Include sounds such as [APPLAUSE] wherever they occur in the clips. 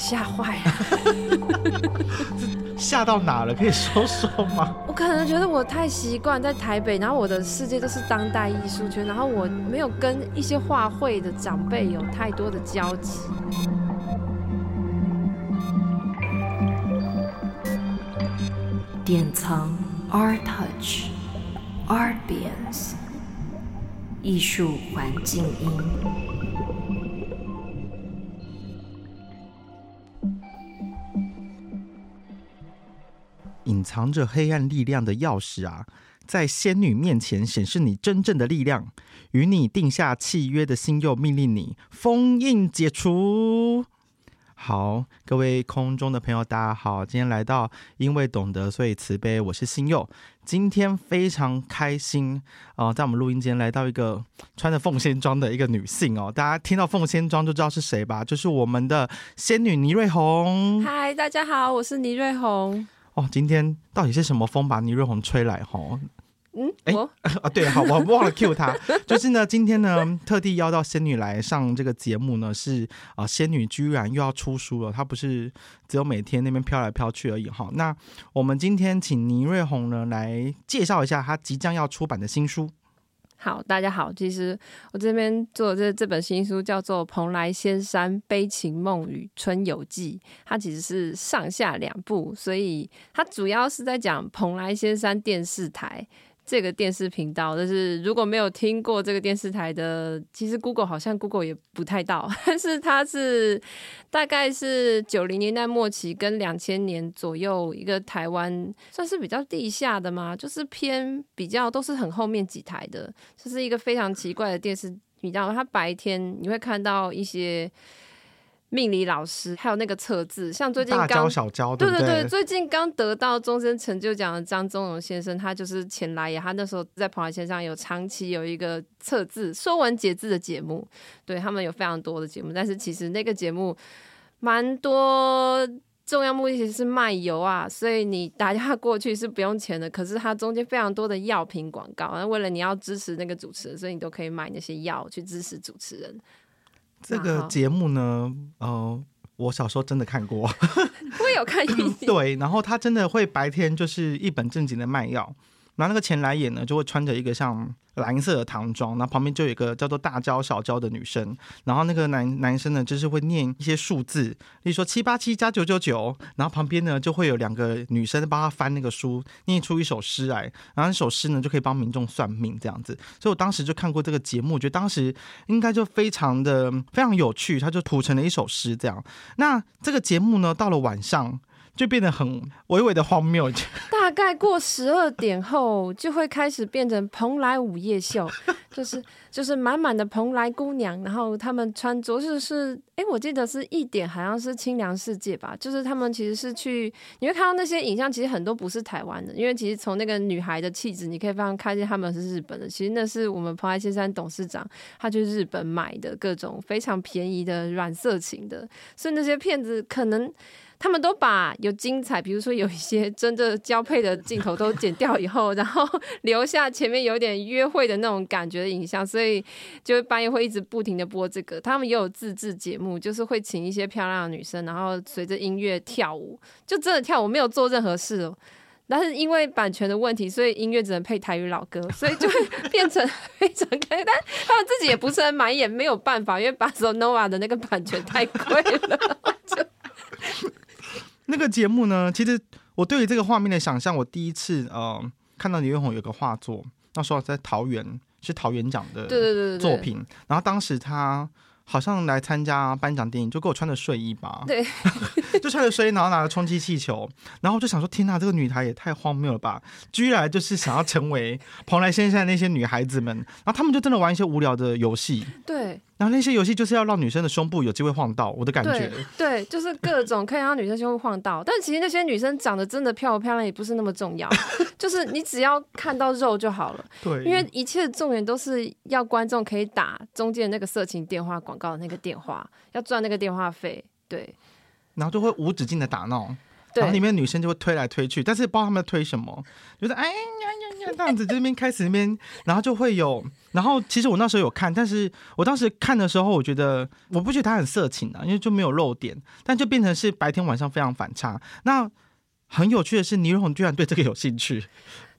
嚇壞了，嚇 [LAUGHS] 到哪了？可以說說嗎？我可能覺得我太習慣在台北，然後我的世界都是當代藝術圈，然後我沒有跟一些畫會的長輩有太多的交集。典藏 Art Touch Artians 藝術環境音。隱藏着黑暗力量的鑰匙啊！在仙女面前顯示你真正的力量，與你定下契約的星佑命令你封印解除。好，各位空中的朋友，大家好！今天來到，因為懂得，所以慈悲。我是星佑，今天非常開心啊、呃！在我們錄音間來到一個穿着鳳仙裝的一個女性哦，大家聽到鳳仙裝就知道是誰吧？就是我們的仙女倪瑞宏。嗨，大家好，我是倪瑞宏。今天到底是什麼風把倪瑞宏吹來？哈，嗯，哎、欸，我 [LAUGHS] 啊，對，好，我忘了 cue 她，就是呢，今天呢，特地邀到仙女來上這個節目呢，是啊、呃，仙女居然又要出書了，她不是只有每天那邊飄來飄去而已，哈，那我們今天請倪瑞宏呢來介紹一下她即將要出版的新書。好，大家好。其實我這邊做這這本新書叫做《蓬萊仙山悲情夢與春遊記》，它其實是上下兩部，所以它主要是在講蓬萊仙山電視台。這個電視頻道，就是如果沒有聽過這個電視台的，其實 Google 好像 Google 也不太到，但是它是大概是九零年代末期跟兩千年左右一個台灣算是比較地下的嘛，就是偏比較都是很後面幾台的，這、就是一個非常奇怪的電視頻道。它白天你會看到一些。命理老師，還有那個測字，像最近剛對對，對對，最近剛得到終身成就獎的張宗榮先生，他就是前來也，他那時候在朋友圈上有長期有一個測字、說文解字的節目，對他們有非常多的節目，但是其實那個節目蠻多重要目的其實是賣油啊，所以你打電話過去是不用錢的，可是他中間非常多的藥品廣告，那為了你要支持那個主持人，所以你都可以買那些藥去支持主持人。這個節目呢，呃，我小時候真的看過，我 [LAUGHS] 有看運氣。對，然後他真的會白天就是一本正經的賣藥。然後那個前來演呢，就會穿着一個像藍色的唐裝，然後旁邊就有一個叫做大嬌小嬌的女生。然後那個男男生呢，就是會念一些數字，例如說七八七加九九九，然後旁邊呢就會有兩個女生幫他翻那個書，念出一首詩來。然後那首詩呢就可以幫民眾算命這樣子。所以我當時就看過這個節目，我覺得當時應該就非常的非常有趣。它就譜成了一首詩這樣。那這個節目呢，到了晚上。就變得很微微的荒謬。大概過十二點後，就會開始變成蓬萊午夜秀，就是就是滿滿的蓬萊姑娘，然後他們穿着是、就是，哎、欸，我記得是一點好像是清涼世界吧，就是他們其實是去，你會看到那些影像，其實很多不是台灣的，因為其實從那個女孩的氣質，你可以非常看見他們是日本的。其實那是我們蓬萊仙山董事長，他去日本買的各種非常便宜的軟色情的，所以那些片子可能。他們都把有精彩，比如說有一些真的交配的鏡頭都剪掉以後，然後留下前面有點約會的那種感覺的影像，所以就半夜會一直不停的播這個。他們也有自製節目，就是會請一些漂亮的女生，然後隨着音樂跳舞，就真的跳舞，沒有做任何事哦。但是因為版權的問題，所以音樂只能配台語老歌，所以就會變成非常尷尬。 [LAUGHS] [LAUGHS] 但他們自己也不是很滿意，沒有辦法，因為 Bossa Nova 的那個版權太貴了。就 [LAUGHS] 那個節目呢？其實我對於這個畫面的想象，我第一次呃看到倪瑞宏有個畫作，那時候在桃園，是桃園獎的對對對作品。然後當時他好像來參加頒獎典禮，就給我穿着睡衣吧，對， [LAUGHS] 就穿着睡衣，然後拿着充氣氣球，然後我就想說：天吶、啊，這個女孩也太荒謬了吧！居然就是想要成為蓬萊仙山那些女孩子們，然後他們就真的玩一些無聊的遊戲。對。然後那些遊戲就是要讓女生的胸部有機會晃到，我的感覺。對，對，就是各種可以讓女生胸部晃到， [LAUGHS] 但其實那些女生長得真的漂不漂亮也不是那麼重要， [LAUGHS] 就是你只要看到肉就好了。對，因為一切的重點都是要觀眾可以打中間那個色情電話廣告的那個電話，要賺那個電話費。對，然後就會無止境的打鬧。然後裡面女生就會推來推去，但是不知道他們要推什麼，覺、就、得、是、哎呀呀呀，這樣子這邊開始那邊， [LAUGHS] 然後就會有，然後其實我那時候有看，但是我當時看的時候，我覺得我不覺得他很色情啊，因為就沒有露點，但就變成是白天晚上非常反差。那很有趣的是，倪瑞宏居然對這個有興趣。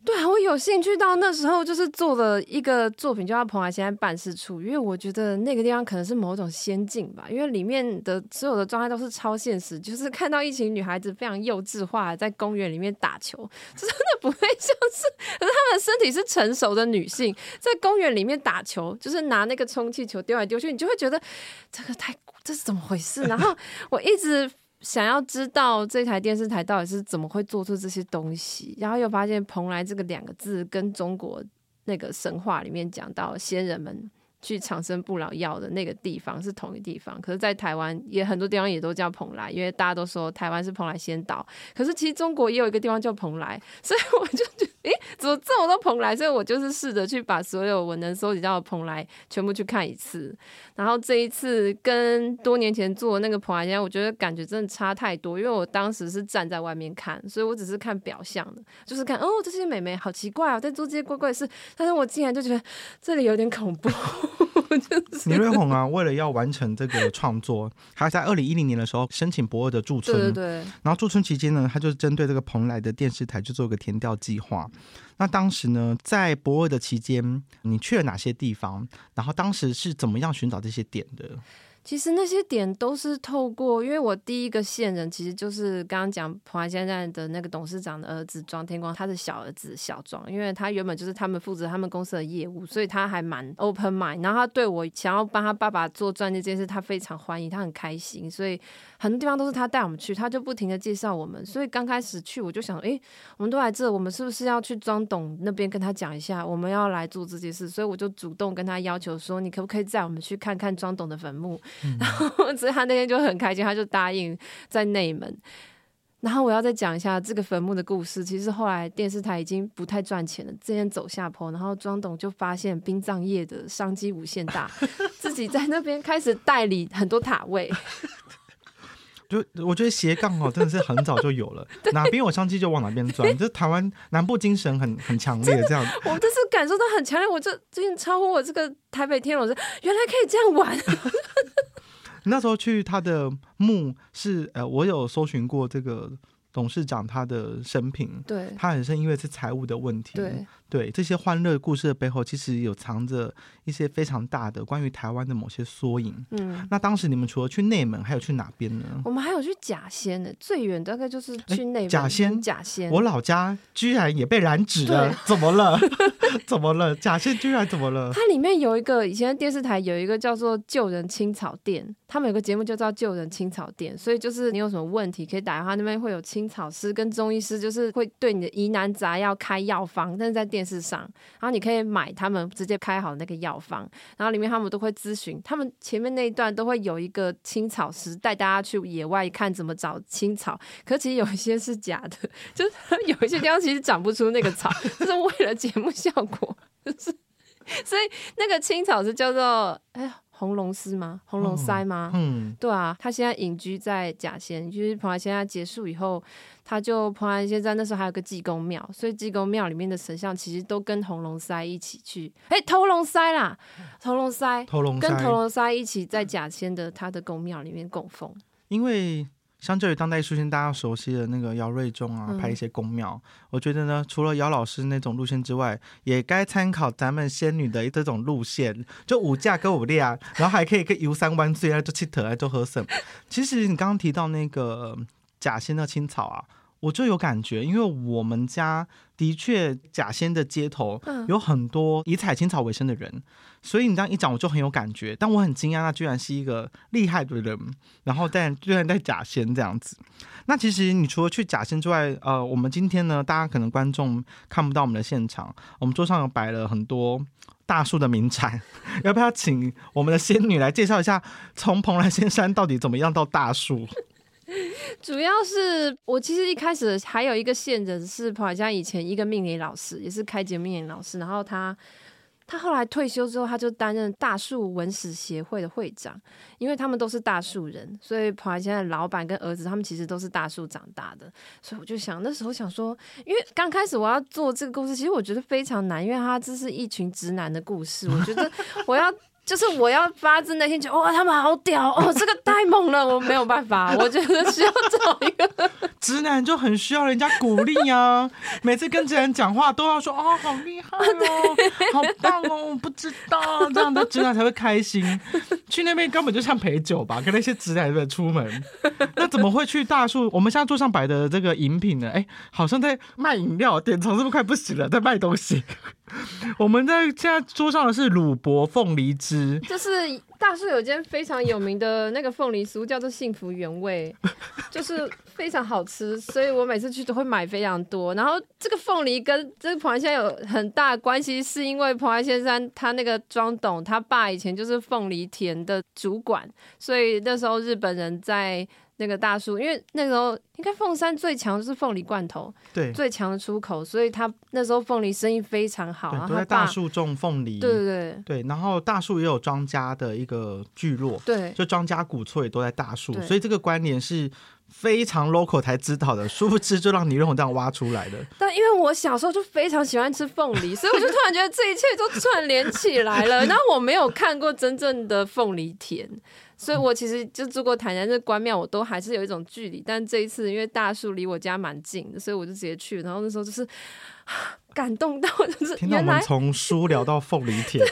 對啊，我有興趣到那時候就是做了一個作品，就叫《蓬萊現代辦事處》，因為我覺得那個地方可能是某種仙境吧，因為裡面的所有的狀態都是超現實，就是看到一群女孩子非常幼稚化在公園裡面打球，這真的不會就是，可是她們身體是成熟的女性在公園裡面打球，就是拿那個充氣球丟來丟去，你就會覺得這個太，這是怎麼回事？然後我一直，想要知道這台電視台到底是怎麼會做出這些東西，然後又發現“蓬萊”這個兩個字跟中國那個神話裡面講到仙人們去長生不老藥的那個地方是同一地方，可是，在台灣也很多地方也都叫蓬萊，因為大家都說台灣是蓬萊仙島。可是，其實中國也有一個地方叫蓬萊，所以我就覺得，誒，怎麼這麼多蓬萊？所以，我就是試着去把所有我能蒐集到的蓬萊全部去看一次。然後，這一次跟多年前做的那個蓬萊仙，我覺得感覺真的差太多，因為我當時是站在外面看，所以我只是看表象的，就是看哦，這些美眉好奇怪哦，在做這些怪怪事。但是我竟然就覺得這裡有點恐怖。 [LAUGHS] 我就是 倪瑞宏啊， [LAUGHS] 為了要完成這個創作，他在二零一零年的時候申請駁二的駐村，對對對。然後駐村期間呢，他就是針對這個蓬萊的電視台去做一個田調計畫。那當時呢，在駁二的期間，你去了哪些地方？然後當時是怎麼樣尋找這些點的？其實那些點都是透過，因為我第一個線人其實就是剛剛講普華現在的那個董事長的兒子莊天光，他的小兒子小莊，因為他原本就是他們負責他們公司的業務，所以他還蠻 open mind，然後他對我想要幫他爸爸做鑽這件事，他非常歡迎，他很開心，所以很多地方都是他帶我們去，他就不停的介紹我們，所以剛開始去我就想，誒、欸，我們都來這，我們是不是要去莊董那邊跟他講一下，我們要來做這件事，所以我就主動跟他要求說，你可不可以帶我們去看看莊董的墳墓？嗯、然後，所以他那天就很開心，他就答應在內門。然後我要再講一下這個墳墓的故事。其實後來電視臺已經不太賺錢了，漸漸走下坡。然後莊董就發現殯葬業的商機無限大，自己在那邊開始代理很多塔位。 [LAUGHS] 就我覺得斜槓哦，真的是很早就有了， [LAUGHS] 對哪邊有商機就往哪邊轉。就台灣南部精神很很強烈，這樣。我就是感受到很強烈，我這最近超乎我這個台北天龍人原來可以這樣玩。 [LAUGHS] 那時候去他的墓是，呃，我有搜尋過這個。董事長他的生平。對他很是因為是財務的問題。對，對這些歡樂故事的背後，其實有藏着一些非常大的關於台灣的某些縮影。嗯，那當時你們除了去內門，還有去哪邊呢？我們還有去甲仙呢、欸，最遠大概就是去內門。甲仙，甲仙我老家居然也被染指了，對怎麼了？怎麼了？甲仙居然怎麼了？它 [LAUGHS] 裡面有一個以前的電視台，有一個叫做“救人青草店”，他們有個節目就叫“救人青草店”，所以就是你有什麼問題，可以打電話，那邊會有青。青草師跟中醫師就是會對你的疑難雜藥開藥方，但是在電視上，然後你可以買他們直接開好的那個藥方，然後裡面他們都會諮詢，他們前面那一段都會有一個青草師帶大家去野外看怎麼找青草，可其實有一些是假的，就是有一些地方其實長不出那個草，就 [LAUGHS] 是為了節目效果，就是所以那個青草是叫做哎呀。紅龍司嗎？紅龍塞嗎？嗯，嗯對啊，他現在隱居在甲仙，就是蓬萊仙山結束以後，他就蓬萊仙山那時候還有個濟公廟，所以濟公廟裡面的神像其實都跟紅龍塞一起去，哎、欸，偷龍塞啦，偷龍塞，偷龍，跟偷龍塞一起在甲仙的他的宮廟裡面供奉，因為。相較於當代藝術，大家熟悉的那個姚瑞中啊，拍一些宮廟，嗯、我覺得呢，除了姚老師那種路線之外，也該參考咱們仙女的這種路線，就五架跟五輛、啊，然後還可以跟遊山玩水啊，就吃特啊，就喝什麼，其實你剛剛提到那個假仙的青草啊。我就有感覺，因為我們家的確甲仙的街頭有很多以採青草為生的人，所以你這樣一講我就很有感覺。但我很驚訝，他居然是一個厲害的人，然後但居然在甲仙這樣子。那其實你除了去甲仙之外，呃，我們今天呢，大家可能觀眾看不到我們的現場，我們桌上擺了很多大樹的名產，要不要請我們的仙女來介紹一下，從蓬萊仙山到底怎麼樣到大樹？主要是我其實一開始還有一個線人是蓬萊以前一個命理老師，也是開節目命理老師。然後他他後來退休之後，他就擔任大樹文史協會的會長，因為他們都是大樹人，所以蓬萊的老板跟兒子他們其實都是大樹長大的。所以我就想那時候想說，因為剛開始我要做這個故事，其實我覺得非常難，因為他這是一群直男的故事，我覺得我要。就是我要發自內心覺得哇，他們好屌哦，這個太猛了，我沒有辦法，我覺得需要找一個直男，就很需要人家鼓勵啊，每次跟直男講話都要說，哦，好厲害哦，好棒哦，我不知道這樣的直男才會開心。去那邊根本就像陪酒吧，跟那些直男人出門，那怎麼會去大樹？我們現在桌上擺的這個飲品呢？哎、欸，好像在賣飲料，點蟲是不是快不行了，在賣東西。 [LAUGHS] 我們在現在桌上的是魯伯鳳梨汁，就是大樹有間非常有名的那個鳳梨酥，叫做幸福原味， [LAUGHS] 就是非常好吃，所以我每次去都會買非常多。然後這個鳳梨跟這個蓬安先生有很大的關係，是因為蓬安先生他那個莊董他爸以前就是鳳梨田的主管，所以那時候日本人在。那個大樹，因為那個時候應該鳳山最強的是鳳梨罐頭，對，最強的出口，所以他那時候鳳梨生意非常好。都在大樹種鳳梨，對對對，對，然後大樹也有莊家的一個聚落，對，就莊家古厝也都在大樹，對所以這個關聯是非常 local 才知道的，殊不知就讓你認我這樣挖出來的。 [LAUGHS] 但因為我小時候就非常喜歡吃鳳梨，所以我就突然覺得這一切都串聯起來了。那 [LAUGHS] 我沒有看過真正的鳳梨田。所以，我其實就住過台南這關廟，就是、關廟我都還是有一種距離。但這一次，因為大樹離我家蠻近的，所以我就直接去了。然後那時候就是、啊、感動到，就是聽到我們從書聊到鳳梨甜 [LAUGHS] 就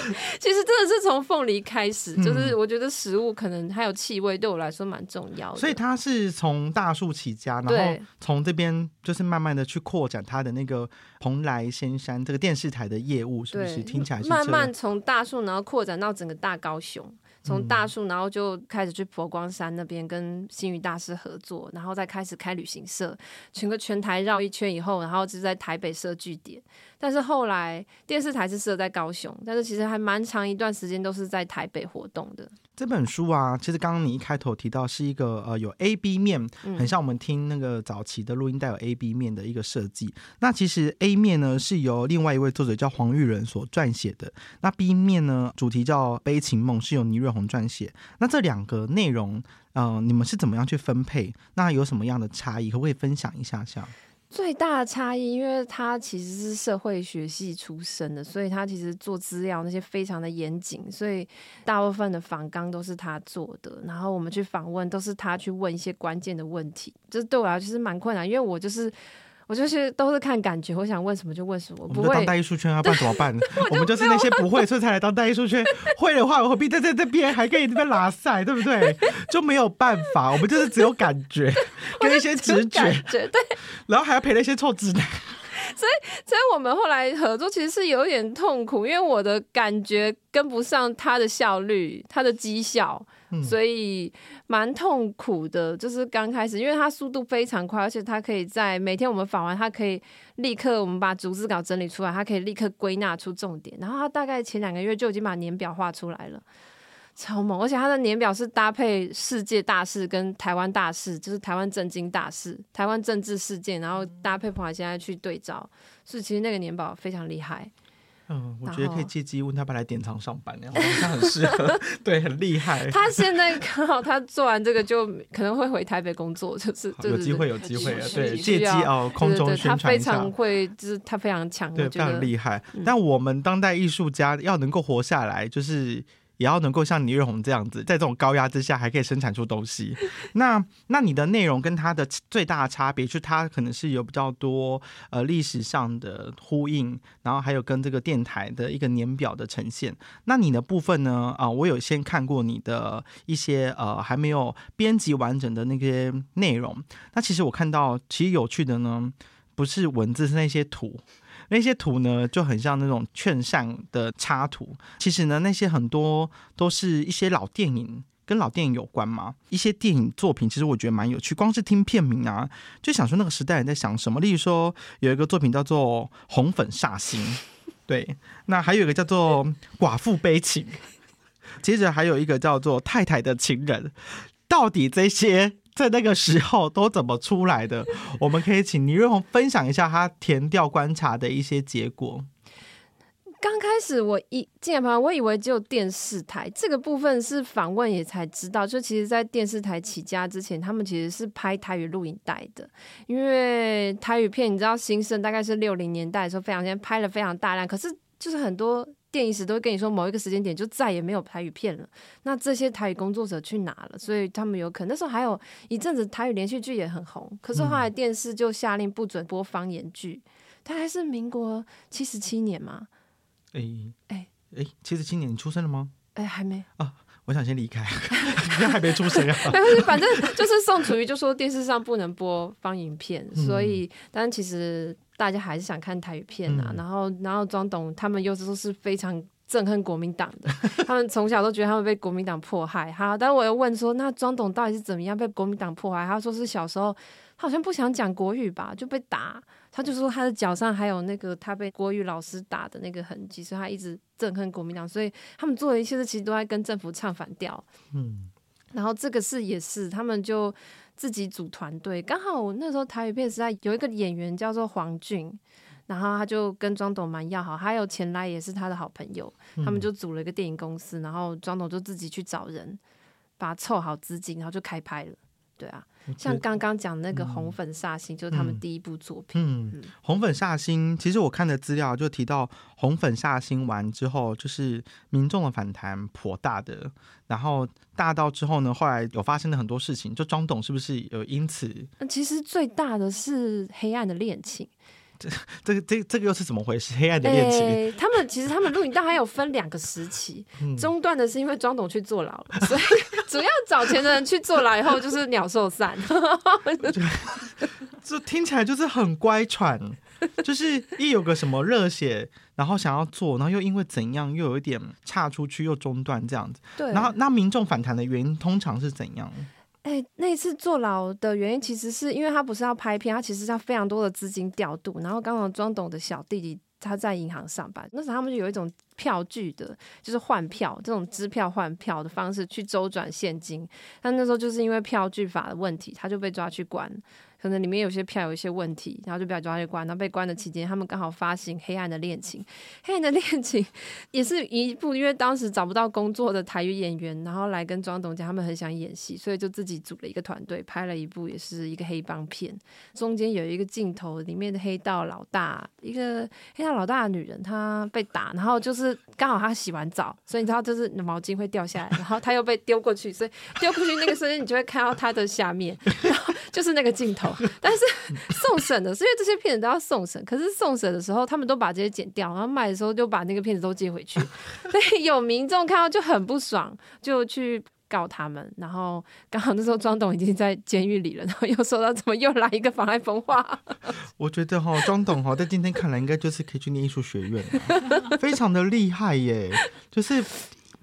是，其實真的是從鳳梨開始。就是我覺得食物可能還有氣味，嗯、對我來說蠻重要的。所以他是從大樹起家，然後從這邊就是慢慢的去擴展他的那個蓬萊仙山這個電視台的業務，是不是？對聽起來是慢慢從大樹，然後擴展到整個大高雄。從大樹，然後就開始去佛光山那邊跟星雲大師合作，然後再開始開旅行社，整個全台繞一圈以後，然後就在台北設據點。但是後來電視台是設在高雄，但是其實還蠻長一段時間都是在台北活動的。這本書啊，其實剛剛你一開頭提到是一個呃有 A B 面，很像我們聽那個早期的錄音帶有 A B 面的一個設計。嗯、那其實 A 面呢是由另外一位作者叫黃郁仁所撰寫的，那 B 面呢主題叫悲情夢是由倪瑞宏撰寫。那這兩個內容，嗯、呃，你們是怎麼樣去分配？那有什麼樣的差異？可不可以分享一下下？最大的差異，因為他其實是社會學系出身的，所以他其實做資料那些非常的嚴謹，所以大部分的訪綱都是他做的，然後我們去訪問都是他去問一些關鍵的問題，就是對我來說其實蠻困難，因為我就是。我就是都是看感覺，我想問什麼就問什麼，不會。我們當代藝術圈要、啊、 [LAUGHS] 辦怎麼辦？ [LAUGHS] 我，就 我們就是那些不會，所以才來當代藝術圈。 [LAUGHS] 會的話，我何必在在這邊還跟你那邊拉賽，對不對？ [LAUGHS] 就沒有辦法，我們就是只有感覺 [LAUGHS] 跟一些直覺， [LAUGHS] 覺對。然後還要陪那些臭直男。 [LAUGHS] 所以，所以我們後來合作其實是有點痛苦，因為我的感覺跟不上他的效率，他的績效，所以蠻痛苦的。就是剛開始，因為他速度非常快，而且他可以在每天我們訪完，他可以立刻我們把逐字稿整理出來，他可以立刻歸納出重點，然後他大概前兩個月就已經把年表畫出來了。超猛！而且他的年表是搭配世界大事跟台灣大事，就是台灣政經大事、台灣政治事件，然後搭配蓬萊現在去對照，所以其實那個年表非常厲害。嗯，後嗯，我覺得可以借機問他爸來典藏上班，那樣他很適合， [LAUGHS] 對，很厲害。他現在剛好他做完這個，就可能會回台北工作，就是、就是、有機會，有機會，就是、對，借機對要哦，空中宣傳一下。他非常會，就是他非常強，對，非常厲害。嗯、但我們當代藝術家要能夠活下來，就是。也要能夠像倪瑞宏這樣子，在這種高壓之下還可以生產出東西。那那你的內容跟它的最大的差別是，就它可能是有比較多呃歷史上的呼應，然後還有跟這個電台的一個年表的呈現。那你的部分呢？啊、呃，我有先看過你的一些呃還沒有編輯完整的那些內容。那其實我看到，其實有趣的呢，不是文字，是那些圖。那些圖呢，就很像那種勸善的插圖。其實呢，那些很多都是一些老電影跟老電影有關嘛。一些電影作品其實我覺得蠻有趣，光是聽片名啊，就想說那個時代人在想什麼？例如說有一個作品叫做《紅粉煞星》，對，那還有一個叫做《寡婦悲情》，接着還有一個叫做《太太的情人》，到底這些。在那個時候都怎麼出來的？ [LAUGHS] 我們可以請倪瑞宏分享一下她田調觀察的一些結果。剛開始我一進來，我以為只有電視台這個部分是訪問，也才知道，就其實，在電視台起家之前，他們其實是拍台語錄影帶的。因為台語片，你知道，新生大概是六零年代的時候非常，現在拍了非常大量，可是就是很多。電影時都會跟你說，某一個時間點就再也沒有台語片了。那這些台語工作者去哪了？所以他們有可能那時候還有一陣子台語連續劇也很紅，可是後來電視就下令不准播方言劇。他、嗯、還是民國七十七年嗎？哎誒誒，七十七年你出生了嗎？哎、欸，還沒啊！我想先離開，你 [LAUGHS] [LAUGHS] 還沒出生啊？ [LAUGHS] 反正就是宋楚瑜就說電視上不能播方言片，嗯、所以但其實。大家還是想看台語片啊，嗯、然後然後莊董他們又是都是非常憎恨國民黨的，他們從小都覺得他們被國民黨迫害。好，但我又問說，那莊董到底是怎麼樣被國民黨迫害？他說是小時候他好像不想講國語吧，就被打。他就說他的腳上還有那個他被國語老師打的那個痕跡，所以他一直憎恨國民黨。所以他們做的一切事其實都在跟政府唱反調。嗯，然後這個事也是他們就。自己組團隊，剛好我那時候台語片時代有一個演員叫做黃俊，然後他就跟莊董蠻要好，還有錢來也是他的好朋友，他們就組了一個電影公司，然後莊董就自己去找人，把他湊好資金，然後就開拍了，對啊。像剛剛講那個《紅粉煞星》嗯、就是他們第一部作品。嗯，嗯《紅粉煞星》其實我看的資料就提到，《紅粉煞星》完之後就是民眾的反彈頗大的，然後大到之後呢，後來有發生了很多事情，就莊董是不是有因此？其實最大的是黑暗的戀情。這這個這這個又是怎麼回事？黑暗的戀情、欸。他們其實他們錄音，當然還有分兩個時期，嗯、中斷的是因為莊董去坐牢了，所以主要找錢的人去坐牢以後就是鳥獸散。這 [LAUGHS] 聽起來就是很乖舛，就是一有個什麼熱血，然後想要做，然後又因為怎樣又有一點岔出去，又中斷這樣子。對。然後那民眾反彈的原因通常是怎樣？哎、欸，那次坐牢的原因，其實是因為他不是要拍片，他其實要非常多的資金調度。然後剛好莊董的小弟弟，他在銀行上班，那時候他們就有一種票據的，就是換票這種支票換票的方式去周轉現金。但那時候就是因為票據法的問題，他就被抓去關。可能裡面有些票有一些問題，然後就被抓去關。然後被關的期間，他們剛好發行《黑暗的戀情》。《黑暗的戀情》也是一部，因為當時找不到工作的台語演員，然後來跟莊董講他們很想演戲，所以就自己組了一個團隊拍了一部，也是一個黑幫片。中間有一個鏡頭，裡面的黑道老大一個黑道老大的女人，她被打，然後就是剛好她洗完澡，所以你知道就是毛巾會掉下來，然後她又被丟過去，所以丟過去那個瞬間，你就會看到她的下面。 [LAUGHS] 就是那個鏡頭，但是送審的是，因為這些片子都要送審，可是送審的時候他們都把這些剪掉，然後賣的時候就把那個片子都寄回去，所以有民眾看到就很不爽，就去告他們。然後剛好那時候莊董已經在監獄裡了，然後又說到怎麼又來一個妨礙風化。我覺得哈，莊董哈，在今天看來應該就是可以去念藝術學院，非常的厲害耶，就是。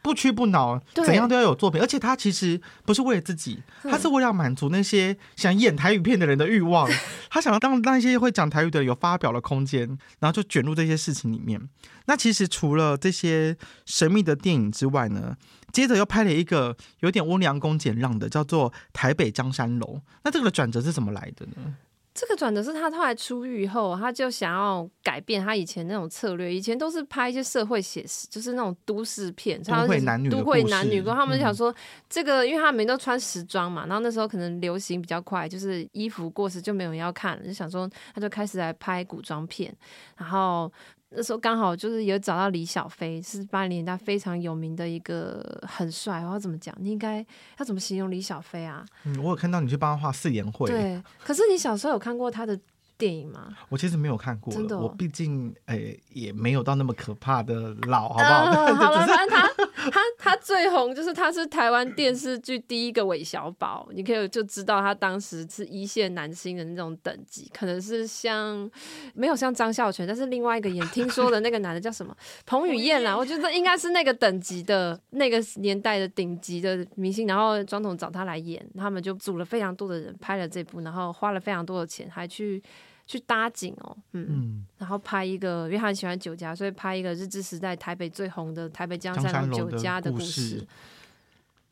不屈不撓，怎樣都要有作品。對而且他其實不是為了自己，嗯、他是為了滿足那些想演台語片的人的欲望。 [LAUGHS] 他想要讓那些會講台語的人有發表的空間，然後就捲入這些事情裡面。那其實除了這些神秘的電影之外呢，接着又拍了一個有點溫良恭儉讓的，叫做《台北江山樓》。那這個的轉折是怎麼來的呢？這個轉折是他後來出獄後，他就想要改變他以前那種策略。以前都是拍一些社會寫實，就是那種都市片，都會男女，都會男女，他們就想說，嗯、這個，因為他們都穿時裝嘛，然後那時候可能流行比較快，就是衣服過時就沒有人要看了，就想說他就開始來拍古裝片，然後。那時候剛好就是有找到李小飛，是八零年代非常有名的一個很帥，我要怎麼講？你應該要怎麼形容李小飛啊？嗯，我有看到你去幫他畫誓言會。對，可是你小時候有看過他的電影嗎？我其實沒有看過，真的、哦。我畢竟哎、欸、也沒有到那麼可怕的老，好不好？呃、 [LAUGHS] 好吧，歡迎他。他他最紅就是他是台灣電視劇第一個韋小寶，你可以就知道他當時是一線男星的那種等級，可能是像沒有像張孝全，但是另外一個演聽說的那個男的叫什麼 [LAUGHS] 彭於晏啦，我覺得應該是那個等級的那個年代的頂級的明星，然後莊彤找他來演，他們就組了非常多的人拍了這部，然後花了非常多的錢，還去。去搭景哦，嗯，嗯。然後拍一個，因為他很喜歡酒家，所以拍一個日治時代台北最紅的台北江山樓酒家的故事。故事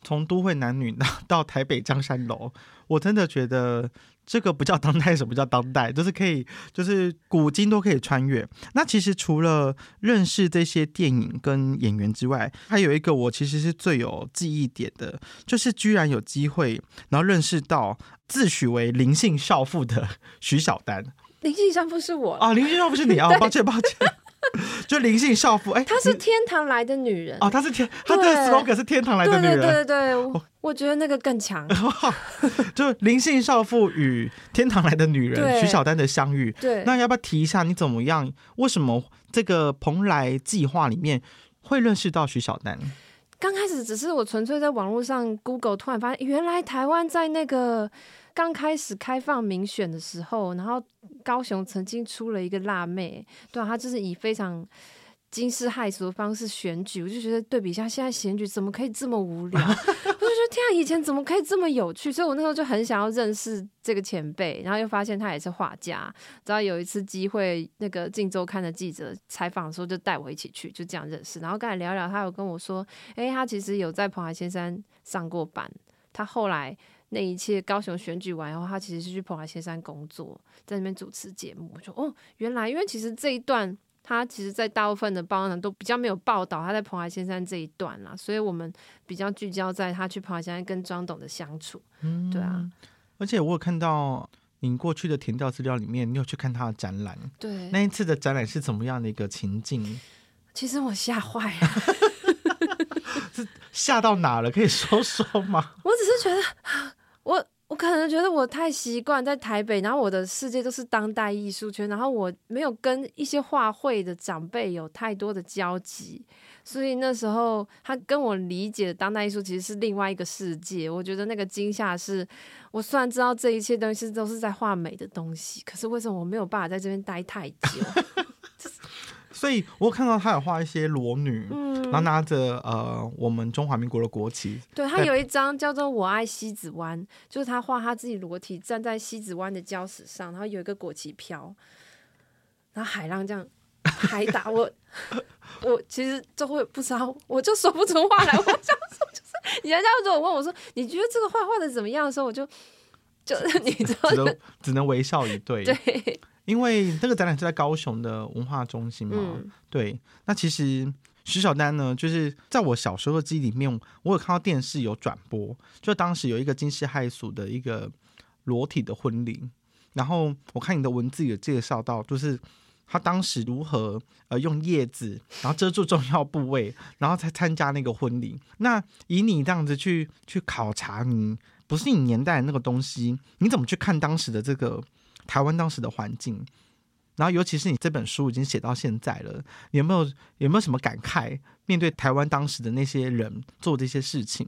從都會男女到，到台北江山樓，我真的覺得這個不叫當代，什麼叫當代？就是可以，就是古今都可以穿越。那其實除了認識這些電影跟演員之外，還有一個我其實是最有記憶點的，就是居然有機會，然後認識到自詡為靈性少婦的徐小丹。靈性少婦是我啊，靈性少婦是你啊？抱歉，對抱歉，抱歉，就靈性少婦，哎、欸，她是天堂來的女人啊，她是天，她的 slogan 是天堂來的女人，對對對，我，我覺得那個更強。 [LAUGHS] 就靈性少婦與天堂來的女人徐對小丹的相遇，對，那要不要提一下你怎麼樣？為什麼這個蓬萊計劃裡面會認識到徐小丹？剛開始只是我純粹在網絡上 Google，突然發現原來台灣在那個。剛開始開放民選的時候，然後高雄曾經出了一個辣妹，對啊，他就是以非常驚世駭俗的方式選舉，我就覺得對比一下現在選舉怎麼可以這麼無聊， [LAUGHS] 我就覺得天啊，以前怎麼可以這麼有趣？所以，我那時候就很想要認識這個前輩，然後又發現他也是畫家。直到有一次機會，那個《鏡週刊》的記者採訪的時候，就帶我一起去，就這樣認識。然後剛才聊聊，他有跟我說，誒，他其實有在蓬萊仙山上過班，他後來。那一切，高雄選舉完以後，他其實是去蓬萊仙山工作，在那邊主持節目。我就哦，原來，因為其實這一段他其實，在大部分的報道都比較沒有報道他在蓬萊仙山這一段啦，所以我們比較聚焦在他去蓬萊仙山跟莊董的相處。嗯，對啊。而且我有看到你過去的填調資料裡面，你有去看他的展覽。對，那一次的展覽是怎麼樣的一個情境？其實我嚇壞了。 [LAUGHS] 嚇到哪了？可以說說嗎？ [LAUGHS] 我只是覺得，我我可能覺得我太習慣在台北，然後我的世界都是當代藝術圈，然後我沒有跟一些畫會的長輩有太多的交集，所以那時候他跟我理解的當代藝術其實是另外一個世界。我覺得那個驚嚇是，我雖然知道這一切東西都是在畫美的東西，可是為什麼我沒有辦法在這邊待太久？ [LAUGHS] 所以我看到他有畫一些裸女，嗯，然後拿着呃我們中華民國的國旗。對，他有一張叫做《我愛西子灣》在，就是他畫他自己裸體站在西子灣的礁石上，然後有一個國旗飄，然後海浪這樣海打我， [LAUGHS] 我。我其實就會不知道，我就說不出話來話。我講什麼就是，你人家如果問我說你覺得這個畫畫的怎麼樣的時候，我就就 [LAUGHS] 你知道只能，只能微笑以對對。因為那個展覽是在高雄的文化中心嘛，嗯、對。那其實徐小丹呢，就是在我小時候的記憶裡面，我有看到電視有轉播，就當時有一個驚世駭俗的一個裸體的婚禮。然後我看你的文字有介紹到，就是他當時如何呃用葉子然後遮住，重要部位，然後才參加那個婚禮。那以你這樣子去去考察你，你不是你年代的那個東西，你怎麼去看當時的這個？台灣當時的環境，然後尤其是你這本書已經寫到現在了，你有沒有有沒有什麼感慨？面對台灣當時的那些人做這些事情？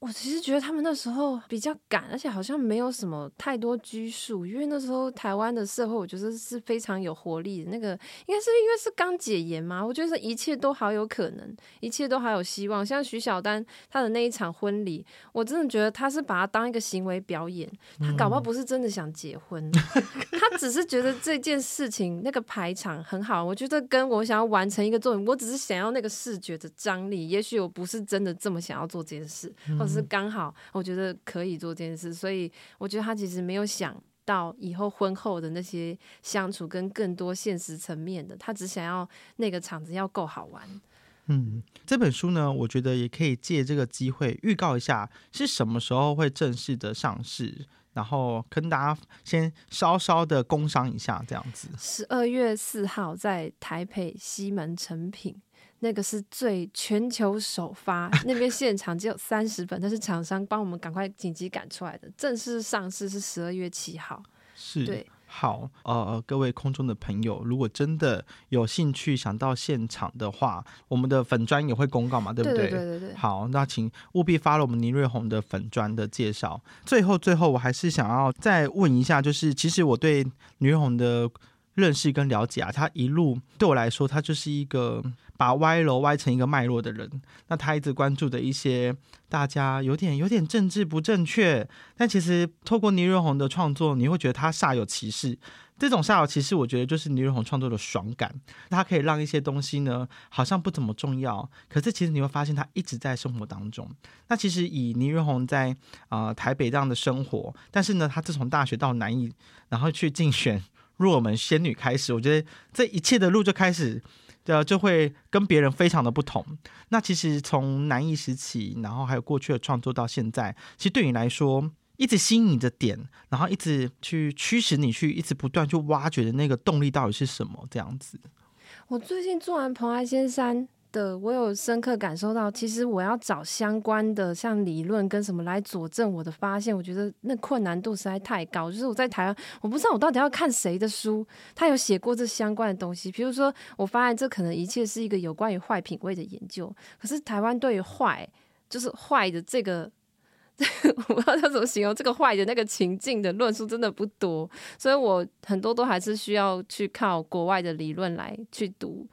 我其實覺得他們那時候比較敢，而且好像沒有什麼太多拘束，因為那時候台灣的社會，我覺得是非常有活力的。那個應該是因為是剛解嚴嘛，我覺得一切都好有可能，一切都好有希望。像徐小丹他的那一場婚禮，我真的覺得他是把它當一個行為表演，他搞不好不是真的想結婚，嗯、他只是覺得這件事情 [LAUGHS] 那個排場很好。我覺得跟我想要完成一個作品，我只是想要那個視覺的張力。也許我不是真的這麼想要做這件事。嗯是剛好，我覺得可以做這件事，所以我覺得他其實沒有想到以後婚後的那些相處跟更多現實層面的，他只想要那個場子要夠好玩。嗯，這本書呢，我覺得也可以借這個機會預告一下，是什麼時候會正式的上市，然後跟大家先稍稍的工商一下這樣子。十二月四號在台北西門誠品。那個是最全球首發，那邊現場只有三十本， [LAUGHS] 但是廠商幫我們趕快緊急趕出來的。正式上市是十二月七號，是對，好，呃，各位空中的朋友，如果真的有興趣想到現場的話，我們的粉專也會公告嘛，對不對？對，對對對。好，那請務必 follow 我們倪瑞宏的粉專的介紹。最後，最後，我還是想要再問一下，就是其實我對倪瑞宏的認識跟了解啊，他一路對我來說，他就是一個。把歪樓歪成一個脈絡的人，那他一直關注的一些大家有點有點政治不正確，但其實透過倪瑞宏的創作，你會覺得他煞有其事。這種煞有其事，我覺得就是倪瑞宏創作的爽感，那他可以讓一些東西呢，好像不怎麼重要，可是其實你會發現他一直在生活當中。那其實以倪瑞宏在啊、呃、台北這樣的生活，但是呢，他自從大學到南藝，然後去競選入我們仙女開始，我覺得這一切的路就開始。對啊，就會跟別人非常的不同。那其實從南藝時期，然後還有過去的創作到現在，其實對你來說，一直吸引你的點，然後一直去驅使你去一直不斷去挖掘的那個動力到底是什麼？這樣子。我最近做完蓬萊仙山的，我有深刻感受到，其實我要找相關的像理論跟什麼來佐證我的發現，我覺得那困難度實在太高。就是我在台灣，我不知道我到底要看誰的書，他有寫過這相關的東西。譬如說，我發現這可能一切是一個有關於壞品味的研究，可是台灣對於壞，就是壞的這個，我不知道他怎麼形容這個壞的那個情境的論述真的不多，所以我很多都還是需要去靠國外的理論來去讀。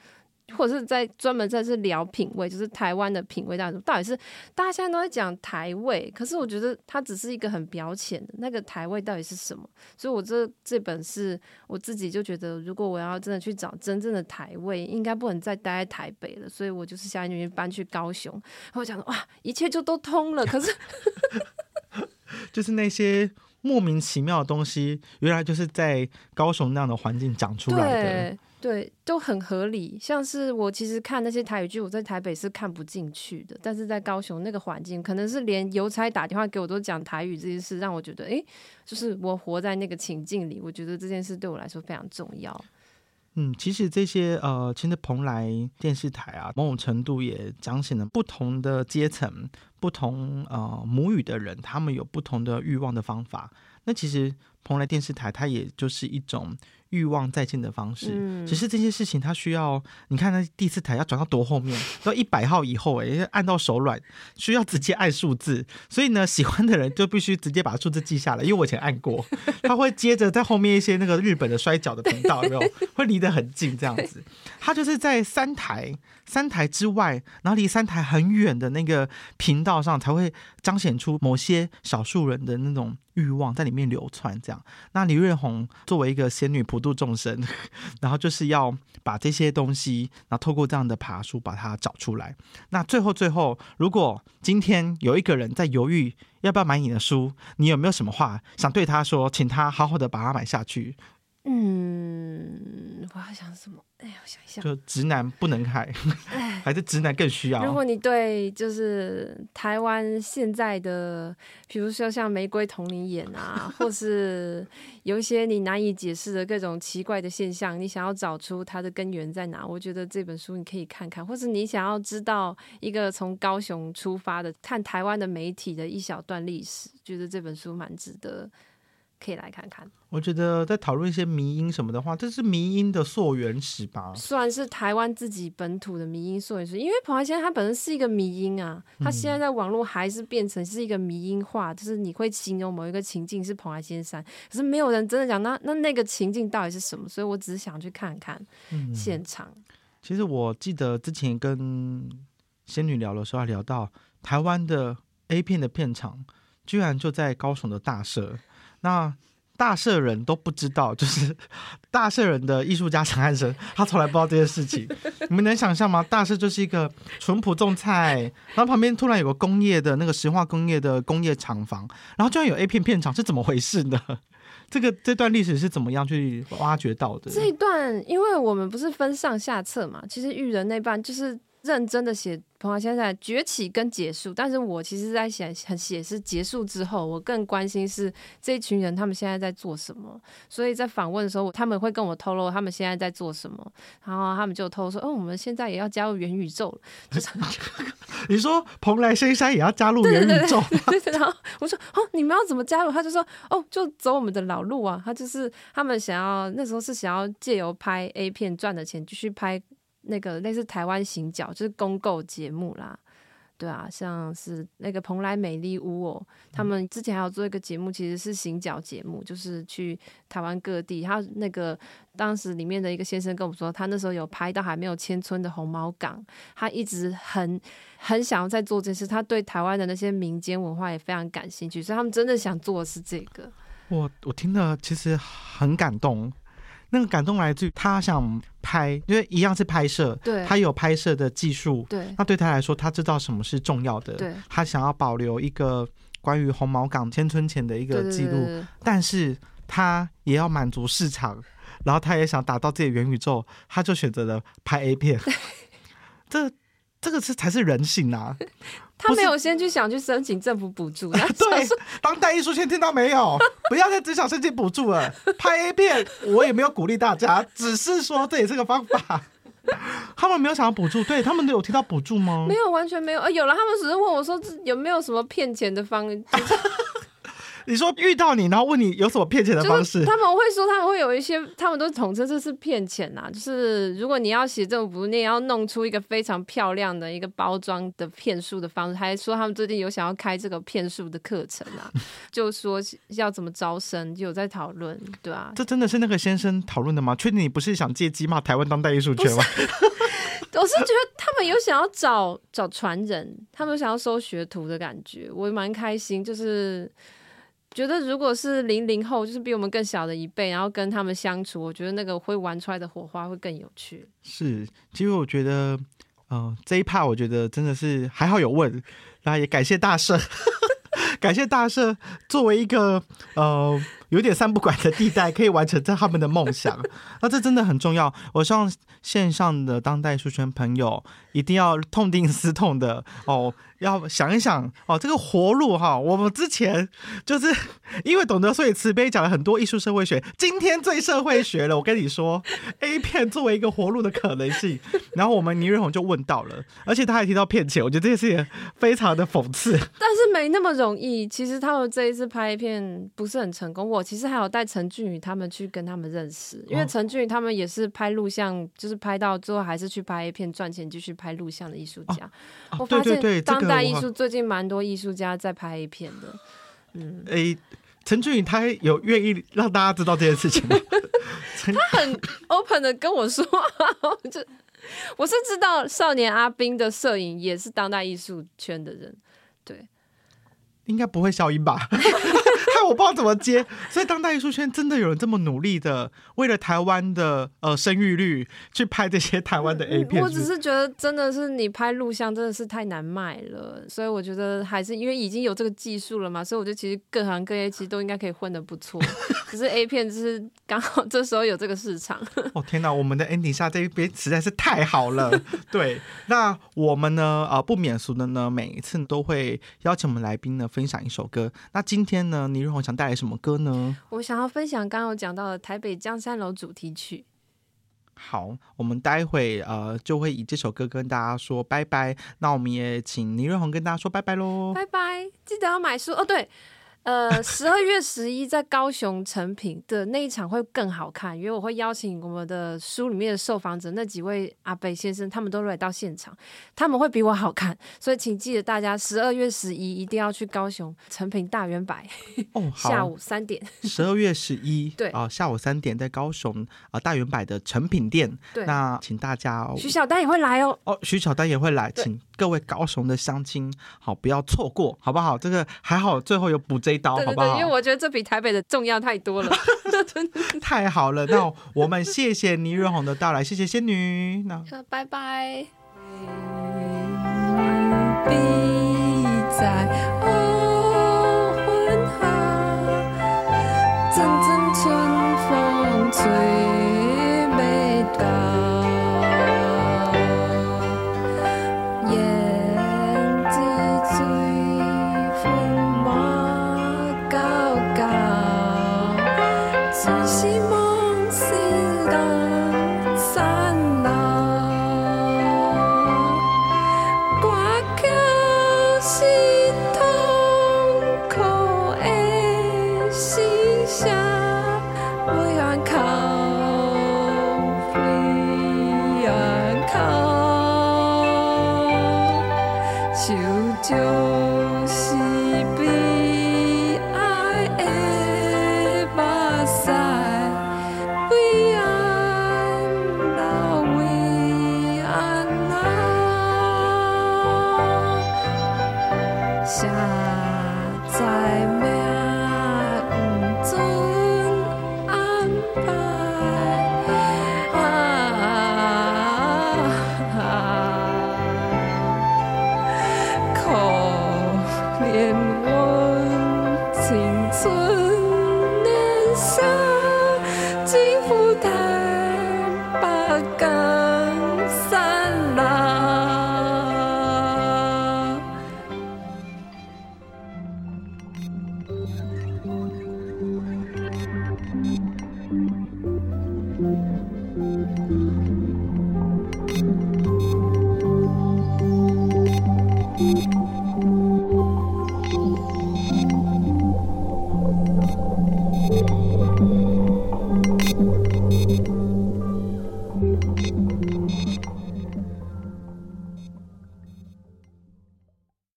或者是在專門在這聊品味，就是台灣的品味到底，到底是大家現在都在講台味，可是我覺得它只是一個很表淺的那個台味到底是什麼？所以，我這這本是我自己就覺得，如果我要真的去找真正的台味，應該不能再待在台北了。所以我就是下一年就搬去高雄，然後我講哇，一切就都通了。可是， [LAUGHS] 就是那些莫名其妙的東西，原來就是在高雄那樣的環境長出來的。對，都很合理。像是我其實看那些台語劇，我在台北是看不進去的，但是在高雄那個環境，可能是連郵差打電話給我都講台語這件事，讓我覺得，哎，就是我活在那個情境裡，我覺得這件事對我來說非常重要。嗯，其實這些呃，其實蓬萊電視台啊，某種程度也彰顯了不同的階層、不同呃母語的人，他們有不同的欲望的方法。那其實蓬萊電視台，它也就是一種。慾望再見的方式，只是這些事情他需要，你看那第四台要轉到多後面，到一百號以後，按到手軟，需要直接按數字，所以呢，喜歡的人就必須直接把數字記下來，因為我以前按過，他會接着在後面一些那個日本的摔角的頻道，有沒有？會離得很近這樣子，他就是在三台。三台之外，然後離三台很遠的那個頻道上才會彰顯出某些少數人的那種欲望在裡面流傳。這樣，那倪瑞宏作為一個仙女普度眾生，然後就是要把這些東西，然後透過這樣的爬梳把它找出來。那最後最後，如果今天有一個人在猶豫要不要買你的書，你有沒有什麼話想對他說？請他好好的把它買下去。嗯，我要想什麼？哎，我想一想。就直男不能看，唉還是直男更需要？如果你對就是台灣現在的，比如說像玫瑰瞳鈴眼啊， [LAUGHS] 或是有一些你難以解釋的各種奇怪的現象，你想要找出它的根源在哪？我覺得這本書你可以看看，或是你想要知道一個從高雄出發的看台灣的媒體的一小段歷史，覺得這本書蠻值得。可以來看看，我覺得在討論一些迷因什麼的話，這是迷因的溯源史吧，算是台灣自己本土的迷因溯源史。因為蓬萊仙山它本身是一個迷因啊，它現在在網絡還是變成是一個迷因化，嗯、就是你會形容某一個情境是蓬萊仙山，可是沒有人真的講那,那那個情境到底是什麼，所以我只是想去看看現場。嗯、其實我記得之前跟仙女聊的時候，還聊到台灣的 A 片的片場，居然就在高雄的大社。那大社人都不知道，就是大社人的藝術家陳漢生，他從來不知道這件事情。你們能想象嗎？大社就是一個淳樸種菜，然後旁邊突然有個工業的那個石化工業的工業廠房，然後居然有 A 片片場，是怎麼回事呢？這個這段歷史是怎麼樣去挖掘到的？這一段，因為我們不是分上下冊嘛，其實郁仁那半就是。認真的寫《蓬萊仙山》崛起跟結束，但是我其實是在想，想，寫是結束之後，我更關心是這一群人他們現在在做什麼。所以在訪問的時候，他們會跟我透露他們現在在做什麼，然後他們就透露說：“哦，我們現在也要加入元宇宙了、欸、 [LAUGHS] 你說《蓬萊仙山》也要加入元宇宙？對，然後我說：“哦，你們要怎麼加入？”他就說：“哦，就走我們的老路啊。”他就是他們想要那時候是想要借由拍 A 片賺的錢繼續拍。那個類似台灣行腳就是公購節目啦，對啊，像是那個蓬萊美麗屋哦、喔，他們之前還有做一個節目，其實是行腳節目，就是去台灣各地。他那個當時裡面的一個先生跟我們說，他那時候有拍到還沒有遷村的紅毛港，他一直很很想要再做這事。他對台灣的那些民間文化也非常感興趣，所以他們真的想做的是這個。我我聽了其實很感動。那個感動來自於他想拍，因為一樣是拍攝，對他有拍攝的技術，對那對他來說，他知道什麼是重要的，對他想要保留一個關於紅毛港遷村前的一個記錄，對對對對但是他也要滿足市場，然後他也想達到自己的元宇宙，他就選擇了拍 A 片，對這這個是才是人性啊。他沒有先去想去申請政府補助。是對，當代藝術圈聽到沒有？ [LAUGHS] 不要再只想申請補助了。拍 A 片，我也沒有鼓勵大家， [LAUGHS] 只是說對這個方法。他們沒有想要補助，對他們都有聽到補助嗎？沒有，完全沒有。啊有了，他們只是問我說，有沒有什麼騙錢的方？就是 [LAUGHS] 你說遇到你，然後問你有什麼騙錢的方式？他們會說他們會有一些，他們都統稱這是騙錢吶、啊。就是如果你要寫這種，不念，要弄出一個非常漂亮的一個包裝的騙術的方式，還是說他們最近有想要開這個騙術的課程啊，就說要怎麼招生，就有在討論，對啊。這真的是那個先生討論的嗎？確定你不是想借機罵台灣當代藝術圈嗎？我是覺得他們有想要找找傳人，他們想要收學徒的感覺，我也蠻開心，就是。覺得如果是零零後，就是比我們更小的一輩，然後跟他們相處，我覺得那個會玩出來的火花會更有趣。是，其實我覺得，嗯、呃，這一趴我覺得真的是還好有問，那也感謝大社， [LAUGHS] [LAUGHS] 感謝大社，作為一個呃有點三不管的地帶，可以完成在他們的夢想， [LAUGHS] 那這真的很重要。我希望線上的當代書圈朋友一定要痛定思痛的哦。要想一想哦，這個活路哈、哦，我們之前就是因為懂得所以慈悲，講了很多藝術社會學。今天最社會學了，我跟你說 [LAUGHS] ，A 片作為一個活路的可能性。 [LAUGHS] 然後我們倪瑞宏就問到了，而且他還提到騙錢，我覺得這件事情非常的諷刺。但是沒那麼容易。其實他們這一次拍、A、片不是很成功。我其實還有帶陳俊宇他們去跟他們認識，因為陳俊宇他們也是拍錄像，哦、就是拍到最後還是去拍 A 片賺錢，繼續拍錄像的藝術家。哦哦、我發現對對對對當。當代藝術最近蠻多藝術家在拍一片的，嗯，誒、欸，陳俊宇他有願意讓大家知道這件事情嗎？ [LAUGHS] 他很 open 的跟我說， [LAUGHS] 就我是知道少年阿賓的攝影也是當代藝術圈的人，對，應該不會消音吧。 [LAUGHS] 但我不知道怎麼接，所以當代藝術圈真的有人這麼努力的為了台灣的呃生育率，去拍這些台灣的 A 片，嗯嗯。我只是覺得真的是你拍錄像真的是太難賣了，所以我覺得還是因為已經有這個技術了嘛，所以我覺得其實各行各業其實都應該可以混得不錯。只是 A 片就是剛好這時候有這個市場。 [LAUGHS] [LAUGHS] 哦天吶，啊，我們的安迪下這一邊實在是太好了。 [LAUGHS] 對，那我們呢呃，不免俗的呢，每一次都會邀請我們來賓呢分享一首歌。那今天呢你。想帶來什麼歌呢？我想要分享剛剛我講到的《台北江山樓》主題曲。好，我們待會呃就會以這首歌跟大家說拜拜。那我們也請倪瑞宏跟大家說拜拜咯，拜拜，記得要買書哦。對。呃，十二月十一在高雄誠品的那一場會更好看，因為我會邀請我們的書裡面的受訪者那幾位阿北先生，他們都來到現場，他們會比我好看，所以請記得大家十二月十一一定要去高雄誠品大遠百。哦，好，下3，下午三點，十二月十一對啊，下午三點在高雄啊、呃、大遠百的誠品店，對，那請大家，徐小丹也會來哦，哦，徐小丹也會來，對請各位高雄的鄉親好，不要錯過，好不好？這個還好，最後有補這。 [MUSIC] 對，對對，好好，因為我覺得這比台北的重要太多了， [LAUGHS] [LAUGHS] 太好了。那我們謝謝倪瑞宏的到來，謝謝仙女，那拜拜。 [MUSIC]